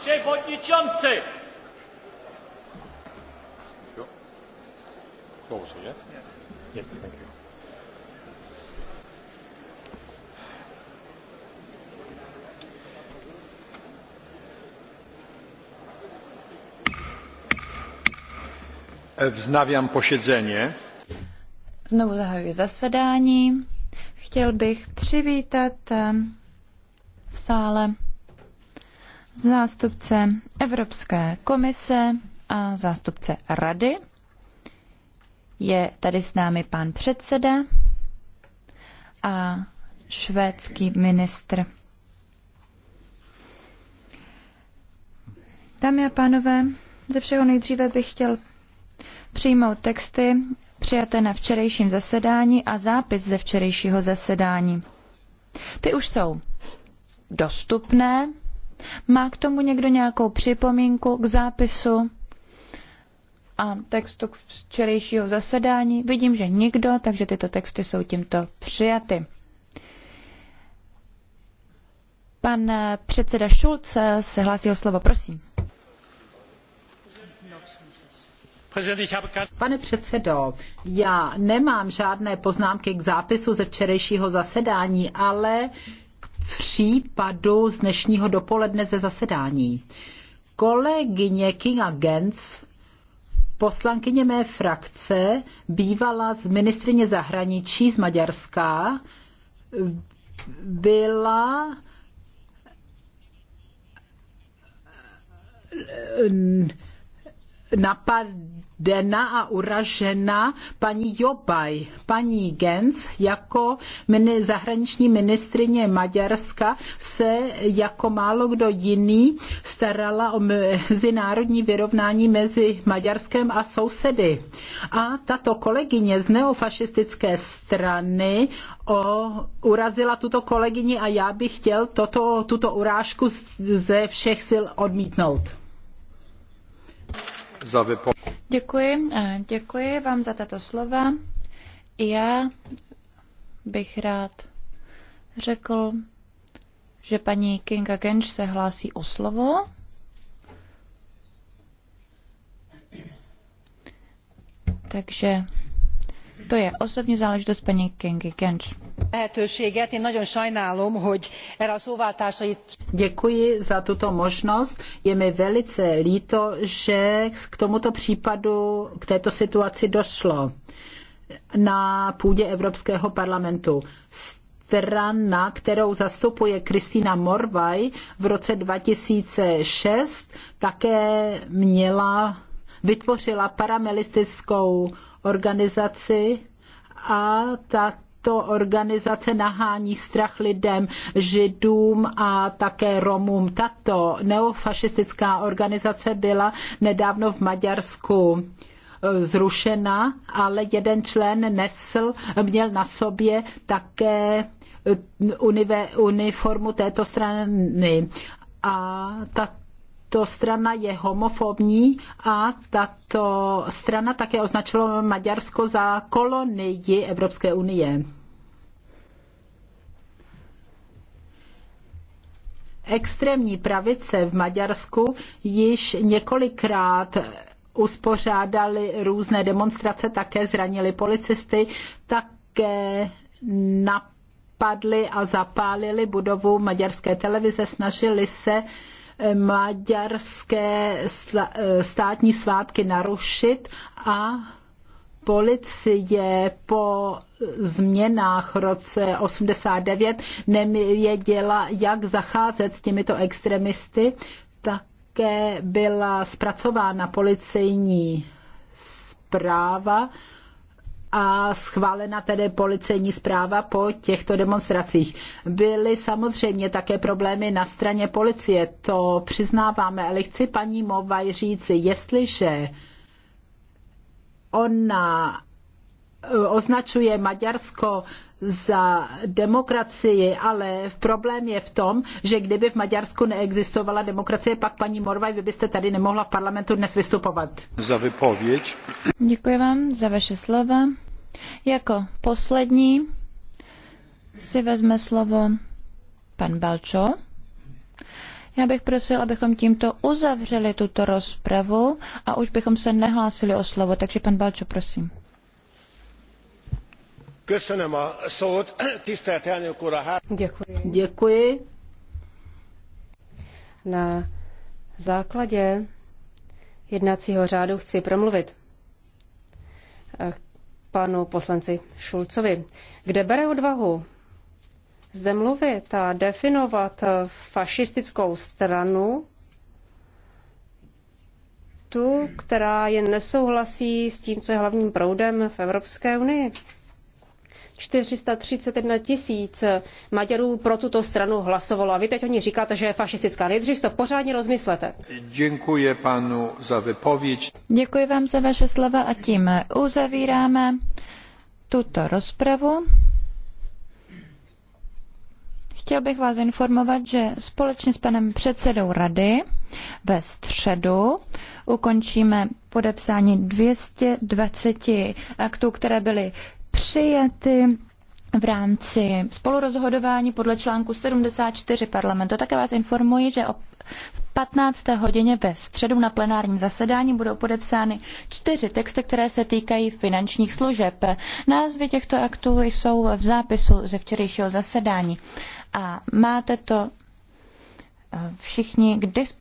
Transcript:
przewodniczący! Vznavím posiedzenie. Znovu zahajuji zasedání. Chtěl bych přivítat eh, v sále zástupce Evropské komise a zástupce rady. Je tady s námi pan předseda a švédský ministr. Dámy a pánové, ze všeho nejdříve bych chtěl přijmout texty přijaté na včerejším zasedání a zápis ze včerejšího zasedání. Ty už jsou dostupné má k tomu někdo nějakou připomínku k zápisu a textu k včerejšího zasedání? Vidím, že nikdo, takže tyto texty jsou tímto přijaty. Pan předseda Schulz se hlásil slovo, prosím. Pane předsedo, já nemám žádné poznámky k zápisu ze včerejšího zasedání, ale případu z dnešního dopoledne ze zasedání. Kolegyně Kinga Gens, poslankyně mé frakce, bývala z ministrině zahraničí z Maďarska, byla napadena a uražena paní Jobaj, paní Gens jako mini, zahraniční ministrině Maďarska se jako málo kdo jiný starala o mezinárodní vyrovnání mezi Maďarskem a sousedy. A tato kolegyně z neofašistické strany o, urazila tuto kolegyni a já bych chtěl toto, tuto urážku ze všech sil odmítnout za Děkuji, děkuji vám za tato slova. Já bych rád řekl, že paní Kinga Genč se hlásí o slovo. Takže to je osobní záležitost paní Kingy Genč lehetőséget. Én nagyon sajnálom, hogy erre a szóváltásra itt... Děkuji za tuto možnost. Je mi velice líto, že k tomuto případu, k této situaci došlo na půdě Evropského parlamentu strana, kterou zastupuje Kristýna Morvaj v roce 2006, také měla, vytvořila paramilitistickou organizaci a tak tato organizace nahání strach lidem, židům a také Romům. Tato neofašistická organizace byla nedávno v Maďarsku e, zrušena, ale jeden člen nesl, měl na sobě také e, uniformu této strany. A tato tato strana je homofobní a tato strana také označila Maďarsko za kolonii Evropské unie. Extrémní pravice v Maďarsku již několikrát uspořádali různé demonstrace, také zranili policisty, také napadli a zapálili budovu maďarské televize, snažili se uh, maďarské eh, státní svátky narušit a policie po změnách v roce 89 nevěděla, jak zacházet s těmito extremisty, také byla zpracována policejní zpráva, a schválena tedy policejní zpráva po těchto demonstracích. Byly samozřejmě také problémy na straně policie, to přiznáváme, ale chci paní Movaj říci, jestliže ona eh, označuje Maďarsko za demokracii, ale problém je v tom, že kdyby v Maďarsku neexistovala demokracie, pak paní Morvaj, vy byste tady nemohla v parlamentu dnes vystupovat. Za vypověď. Děkuji vám za vaše slova. Jako poslední si vezme slovo pan Balčo. Já bych prosil, abychom tímto uzavřeli tuto rozpravu a už bychom se nehlásili o slovo. Takže pan Balčo, prosím. Děkuji. Na základě jednacího řádu chci promluvit eh, panu poslanci Šulcovi. Kde bere odvahu zde mluvit a definovat eh, fašistickou stranu, tu, která jen nesouhlasí s tím, co je hlavním proudem v Evropské unii? 431 tisíc Maďarů pro tuto stranu hlasovalo. A vy teď oni říkáte, že je fašistická. Nejdřív to pořádně rozmyslete. Děkuji panu za vypověď. Děkuji vám za vaše slova a tím uzavíráme tuto rozpravu. Chtěl bych vás informovat, že společně s panem předsedou rady ve středu ukončíme podepsání 220 aktů, které byly přijaty v rámci spolurozhodování podle článku 74 parlamentu. Také vás informuji, že o 15. hodině ve středu na plenárním zasedání budou podepsány čtyři texty, které se týkají finančních služeb. Názvy těchto aktů jsou v zápisu ze včerejšího zasedání. A máte to eh, všichni k dispozici.